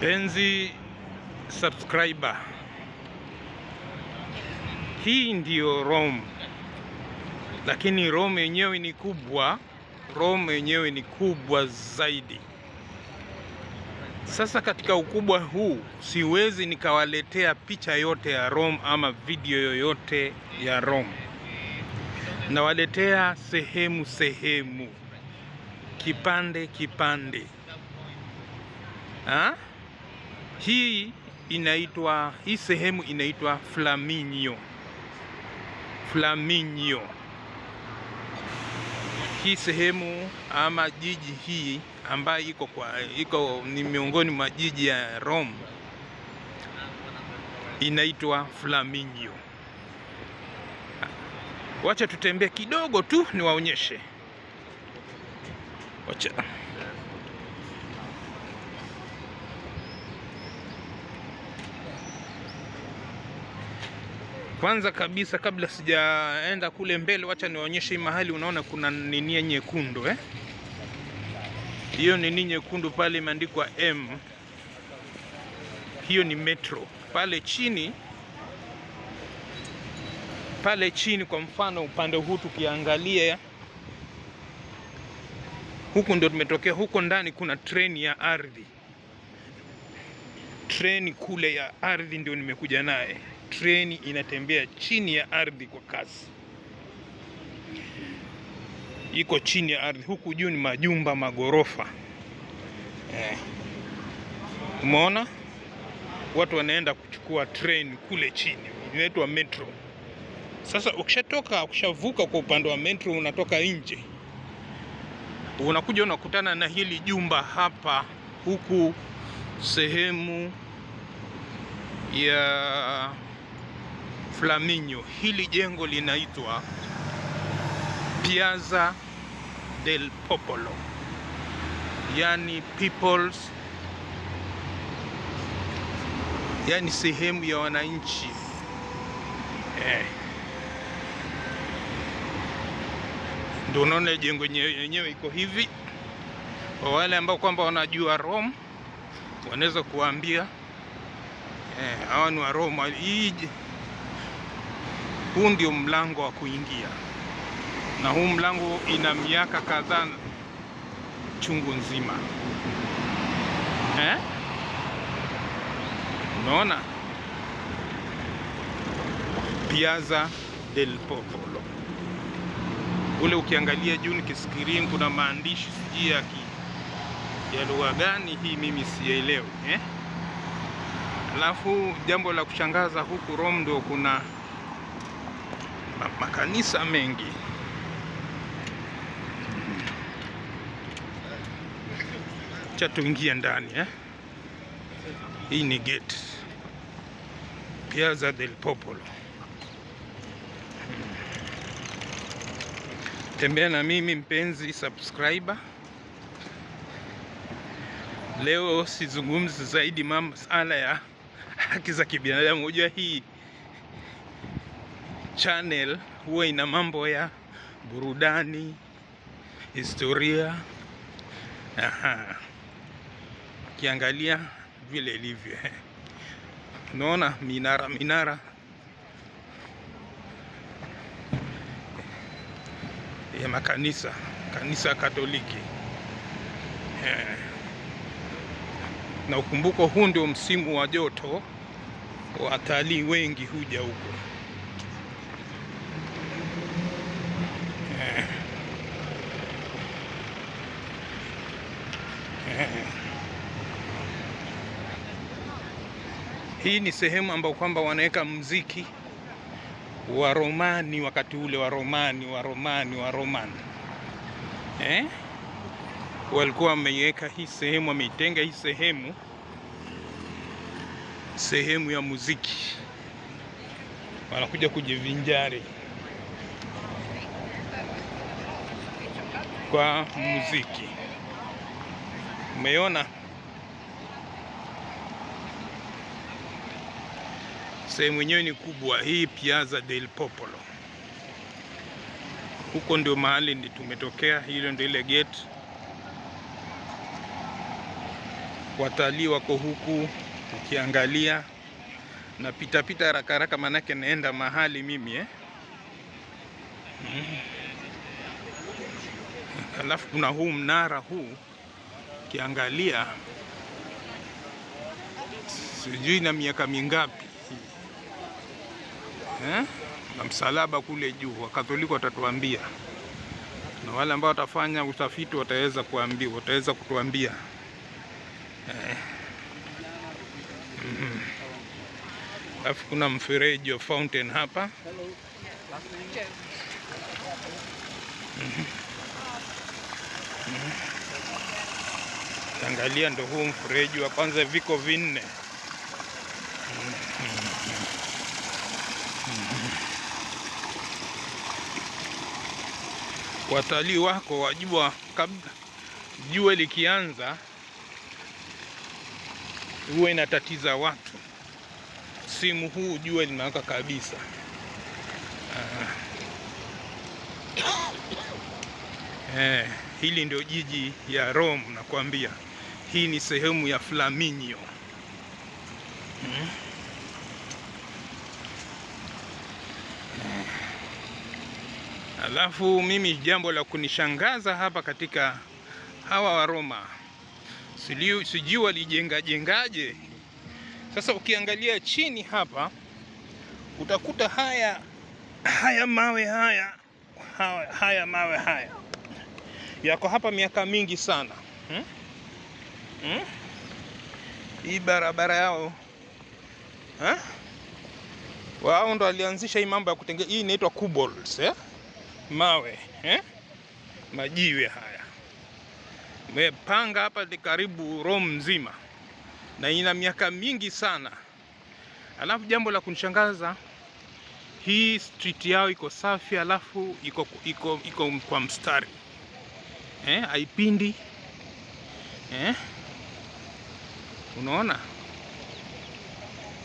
Penzi subscriber, hii ndiyo Rome, lakini Rome yenyewe ni kubwa. Rome yenyewe ni kubwa zaidi. Sasa katika ukubwa huu siwezi nikawaletea picha yote ya Rome ama video yoyote ya Rome, nawaletea sehemu sehemu, kipande kipande ha? Ah? Hii inaitwa hii sehemu inaitwa Flaminio. Flaminio hii sehemu ama jiji hii ambayo iko kwa iko ni miongoni mwa jiji ya Rome inaitwa Flaminio. Wacha tutembee kidogo tu niwaonyeshe. Wacha Kwanza kabisa kabla sijaenda kule mbele, wacha niwaonyeshe hii mahali. Unaona kuna nini nyekundu eh? Hiyo nini nyekundu pale imeandikwa M, hiyo ni metro. Pale chini pale chini, kwa mfano upande huu tukiangalia huku ndio tumetokea. Huko ndani kuna treni ya ardhi, treni kule ya ardhi ndio nimekuja naye treni inatembea chini ya ardhi kwa kasi, iko chini ya ardhi, huku juu ni majumba magorofa eh. Umeona watu wanaenda kuchukua treni kule chini, inaitwa metro. Sasa ukishatoka ukishavuka kwa upande wa metro, unatoka nje, unakuja unakutana na hili jumba hapa, huku sehemu ya Flaminio. Hili jengo linaitwa Piazza del Popolo, yani peoples, yani sehemu ya wananchi eh. Ndio unaona jengo yenyewe iko hivi. Kwa wale ambao kwamba wanajua Rome wanaweza kuambia eh, hawa eh, ni wa Roma hii huu ndio mlango wa kuingia, na huu mlango ina miaka kadhaa chungu nzima eh? Unaona Piazza del Popolo ule, ukiangalia juu nikiskirini, kuna maandishi sijui ya ya lugha gani hii, mimi sielewi eh? Alafu jambo la kushangaza huku Rome ndio kuna makanisa mengi cha tuingia ndani eh? Hii ni gate Piazza del Popolo. Tembea na mimi mpenzi subscriber. Leo sizungumzi zaidi masuala ya haki za kibinadamu. Unajua hii channel huwa ina mambo ya burudani, historia. Aha, ukiangalia vile ilivyo, unaona minara minara ya makanisa kanisa Katoliki Na ukumbuko huu ndio msimu wa joto, watalii wengi huja huko. Hii ni sehemu ambayo kwamba wanaweka mziki wa Romani wakati ule wa Romani wa Romani wa Romani eh? Walikuwa wameiweka hii sehemu, wameitenga hii sehemu, sehemu ya muziki, wanakuja kujivinjari kwa muziki. Umeona? Sehemu yenyewe ni kubwa hii, Piazza del Popolo. Huko ndio mahali ndi tumetokea, hilo ndio ile gate. Watalii wako huku, ukiangalia na pita pita haraka haraka, manake naenda mahali mimi eh? mm. Alafu kuna huu mnara huu, ukiangalia sijui na miaka mingapi Eh? na msalaba kule juu. Wakatholiki watatuambia na wale ambao watafanya utafiti wataweza kuambiwa, wataweza kutuambia eh. Alafu kuna mfereji wa fountain hapa mm-hmm. Mm-hmm. Angalia, ndo huu mfereji wa kwanza, viko vinne. watalii wako wajua, kabla jua likianza huwa inatatiza watu. Simu huu jua linawaka kabisa. Ah. Eh, hili ndio jiji ya Rome nakwambia. Hii ni sehemu ya Flaminio. Hmm. Alafu mimi jambo la kunishangaza hapa katika hawa Waroma sijui walijenga jengaje. Sasa ukiangalia chini hapa utakuta haya haya mawe haya haya, haya mawe haya yako hapa miaka mingi sana hmm? Hmm? Hii barabara yao ha? Wao ndo walianzisha hii mambo ya kutengeneza hii inaitwa kubols eh? mawe eh? Majiwe haya mepanga hapa ni karibu Rome nzima na ina miaka mingi sana. Alafu jambo la kunishangaza hii street yao iko safi, alafu iko, iko, iko kwa mstari eh, haipindi eh? Unaona,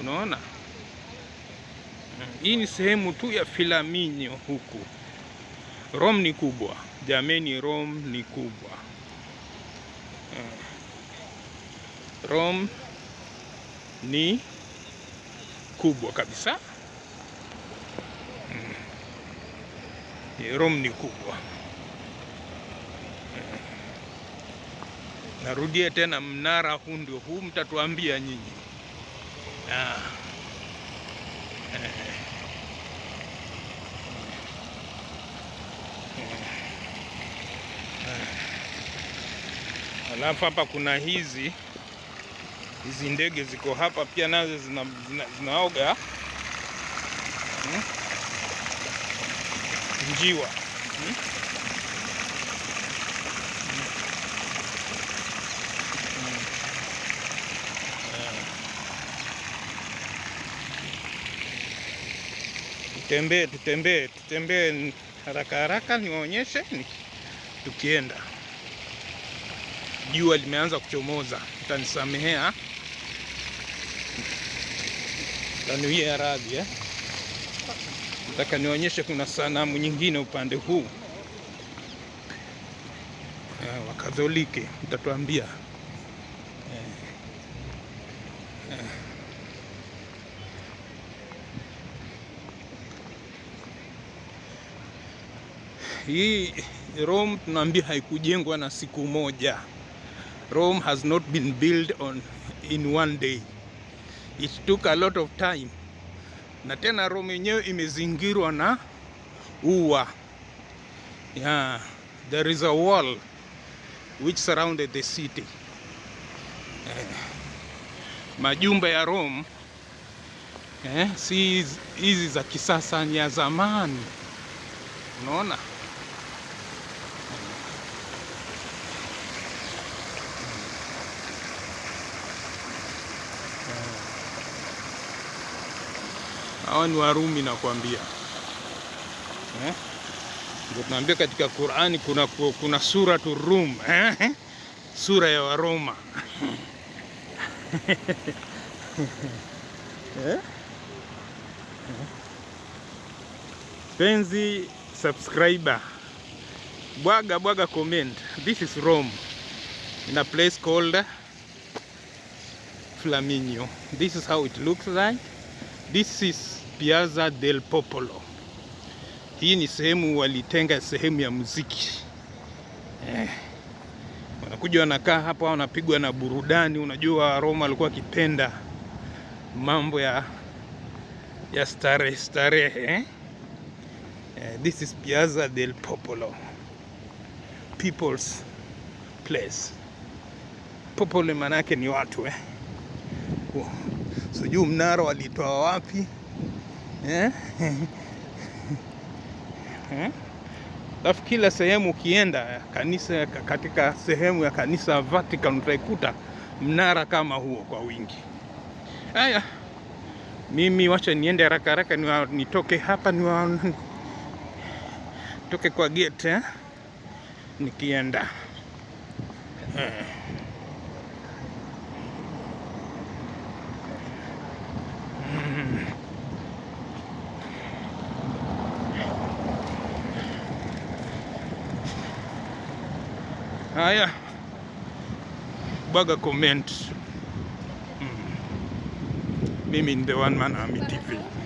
unaona hmm, hii ni sehemu tu ya Flaminio huku. Rome ni kubwa jameni, Rome ni kubwa. Eh. Rome ni kubwa kabisa. Hmm. Eh, Rome ni kubwa. Eh. Narudie tena, mnara huu ndio huu, mtatuambia nyinyi. Ah. Alafu hapa kuna hizi hizi ndege ziko hapa pia nazo zina, zina, zinaoga hmm? Njiwa hmm? hmm. Tutembee tutembee tutembee haraka haraka, niwaonyeshe tukienda jua limeanza kuchomoza, mtanisamehea, mtaniwia radhi eh. Nataka nionyeshe kuna sanamu nyingine upande huu eh, Wakatholiki nitatuambia eh, eh. Hii Rome tunaambia haikujengwa na siku moja. Rome has not been built on in one day. It took a lot of time. Na tena Rome yenyewe imezingirwa na ua. Yeah, there is a wall which surrounded the city. Eh, majumba ya Rome eh, si hizi za kisasa, ni ya zamani. Unaona? No. hawa ni Warumi nakwambia, eh? Ndio tunaambia katika Qur'ani kuna, kuna suratu Rum eh? sura ya Waroma eh? Penzi subscriber, bwaga bwaga comment. This is Rome in a place called Flaminio. This is how it looks like. This is Piazza del Popolo. Hii ni sehemu walitenga sehemu ya muziki eh. Wanakuja wanakaa hapa, wanapigwa na burudani. Unajua Roma alikuwa akipenda mambo ya ya starehe starehe eh? Eh, this is Piazza del Popolo, people's place. Popolo maana ni watu eh? Sijui mnara walitoa wapi Eh? Alafu kila sehemu ukienda eh, kanisa, katika sehemu ya kanisa ya Vatican utaikuta mnara kama huo kwa wingi. Haya, mimi wacha niende haraka haraka, nitoke hapa niwa... toke kwa gate eh? Nikienda eh. Haya, baga comment. Hmm. Mimi ni the one man army TV.